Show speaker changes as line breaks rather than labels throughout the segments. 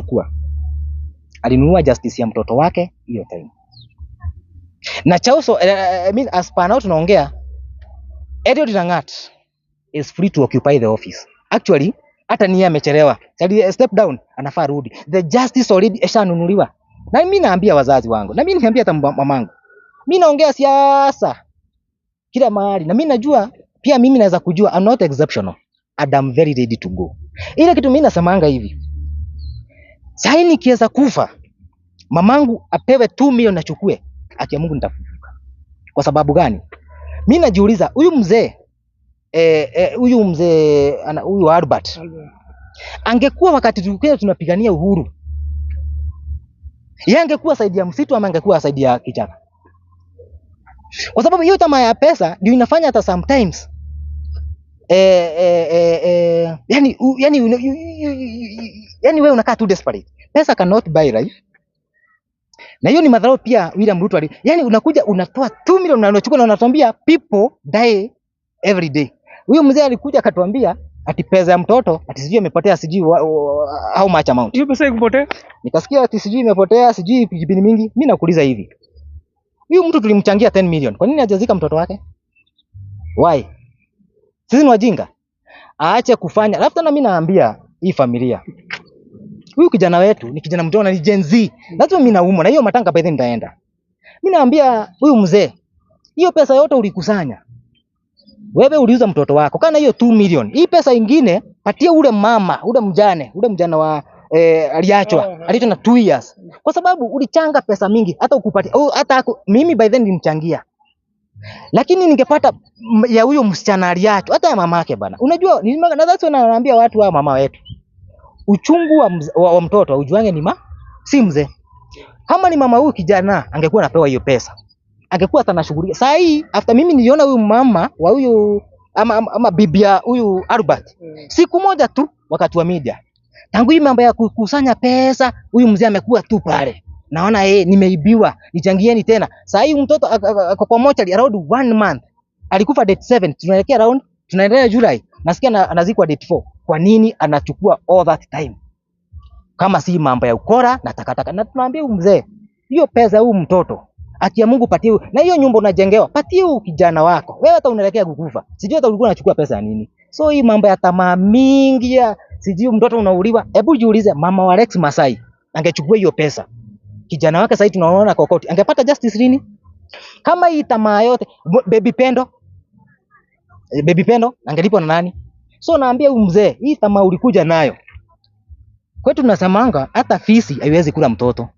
kuchukua. Alinunua justice ya mtoto wake hiyo time. Na Chauso, uh, eh, I eh, mean as per now tunaongea, Edward Langat is free to occupy the office. Actually hata ni amechelewa. Eh, step down anafaa rudi. The justice already eshanunuliwa. Na mimi naambia wazazi wangu, na mimi niambia hata mamangu. Mimi naongea siasa kila mahali, na mimi najua pia, mimi naweza kujua, I'm not exceptional and I'm very ready to go. Ile kitu mimi nasemanga hivi sasa nikiweza kufa mamangu apewe tu chukue nachukue, ya Mungu nitafufuka. Kwa sababu gani? Mimi najiuliza huyu mzee e, e, huyu e, mzee huyu Albert angekuwa wakati tukiwa tunapigania uhuru, yeye angekuwa saidi ya msitu ama angekuwa saidi ya kichaka? Kwa sababu hiyo tamaa ya pesa ndio inafanya hata sometimes Eh, eh, eh, yani, u, wewe unakaa tu desperate. Pesa cannot buy life. Na hiyo ni madharau pia William Ruto ali. Yani unakuja unatoa 2 milioni na unachukua na unatuambia people die every day. Huyo mzee alikuja akatuambia ati pesa ya mtoto ati sijui imepotea sijui how much amount.
Hiyo pesa ikupotea?
Nikasikia ati sijui imepotea sijui pigipini mingi. Mimi nakuuliza hivi. Huyu mtu tulimchangia 10 million. Kwa nini hajazika mtoto wake? Why? Sisi ni wajinga, aache kufanya. Alafu tena mimi naambia hii familia, huyu kijana wetu ni kijana na ni Gen Z. Lazima mimi naumwa na hiyo matanga, by the nitaenda mimi. Naambia huyu mzee, hiyo pesa yote ulikusanya wewe, uliuza mtoto wako, kana hiyo 2 million. Hii pesa ingine patia ule mama, ule mjane, ule mjana wa eh, aliachwa aliitwa na 2 years, kwa sababu ulichanga pesa mingi, hata ukupati hata mimi by then nilimchangia lakini ningepata ya huyo msichana aliacho hata ya mamake bana. Unajua, naambia watu wa mama wetu, uchungu wa, mz, wa, wa mtoto ujuange ni ma si mzee. Kama ni mama huyu kijana angekuwa anapewa hiyo pesa, angekuwa atanashughulia. Saa hii after mimi niliona huyu mama wa huyu ama, ama, ama ya huyu Albert mm. siku moja tu wakati wa media, tangu hii mambo ya kukusanya pesa, huyu mzee amekuwa tu pale naona yeye nimeibiwa, nichangieni tena. Sasa hii mtoto ako kwa mochari around one month, alikufa date 7 tunaelekea around, tunaendelea July, nasikia na, anazikwa date 4. Kwa nini anachukua all that time kama si mambo ya ukora na takataka? Na tunaambia huyu mzee, hiyo pesa huyu mtoto ya Mungu patie, na hiyo nyumba unajengewa patie huyu kijana wako, wewe hata unaelekea kukufa, sijui hata ulikuwa unachukua pesa ya nini? So hii mambo ya tamaa mingi ya sijui mtoto unauliwa. Hebu jiulize, mama wa Alex Masai angechukua hiyo pesa kijana wake sasa tunaona kokoti angepata justice lini? Kama hii tamaa yote baby Pendo, eh, baby Pendo angelipwa na nani? So naambia huyu mzee, hii tamaa ulikuja nayo kwetu. Tunasemanga hata fisi haiwezi kula mtoto,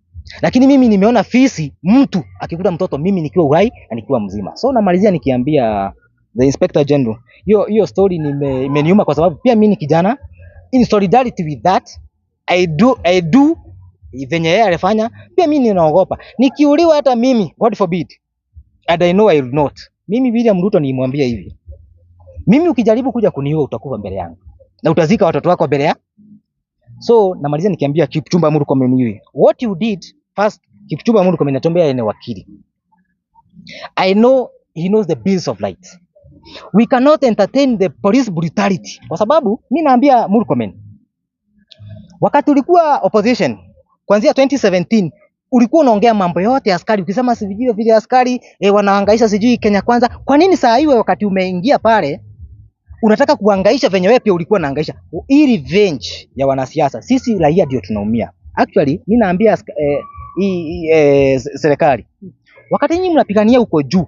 lakini mimi nimeona fisi mtu akikula mtoto, mimi nikiwa uhai na nikiwa mzima. So namalizia nikiambia the inspector general, hiyo hiyo story nime, imeniuma kwa sababu pia mimi ni kijana. In solidarity with that I do I do venye yeye alifanya, pia mimi ninaogopa nikiuliwa. Hata mimi God forbid, and I know I will not. Mimi William Ruto nimwambia hivi, mimi ukijaribu kuja kuniua utakufa mbele yangu na utazika watoto wako mbele ya. So namaliza nikiambia Kipchumba Murkomen hivi, what you did first. Kipchumba Murkomen anatembea ene wakili, I know he knows the bills of light. We cannot entertain the police brutality, kwa sababu mimi naambia Murkomen wakati ulikuwa opposition Kuanzia 2017 ulikuwa unaongea mambo yote askari, ukisema sivijio vile askari e, wanahangaisha sijui Kenya kwanza. Kwa nini saa hiyo wakati umeingia pale unataka kuhangaisha venye wewe pia ulikuwa unahangaisha? Hii revenge ya wanasiasa, sisi raia ndio tunaumia. Actually mimi naambia eh, eh, serikali, wakati nyinyi mnapigania huko juu,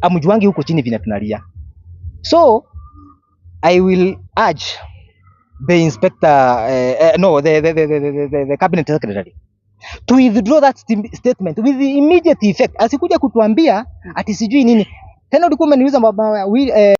amjuangi huko chini vina tunalia. So I will urge the inspector, uh, uh, uh, no, the, the, the, the, the, the cabinet secretary to withdraw that statement with immediate effect. Asikuja kutuambia ati sijui nini tena. Ulikuwa umeniuliza eh,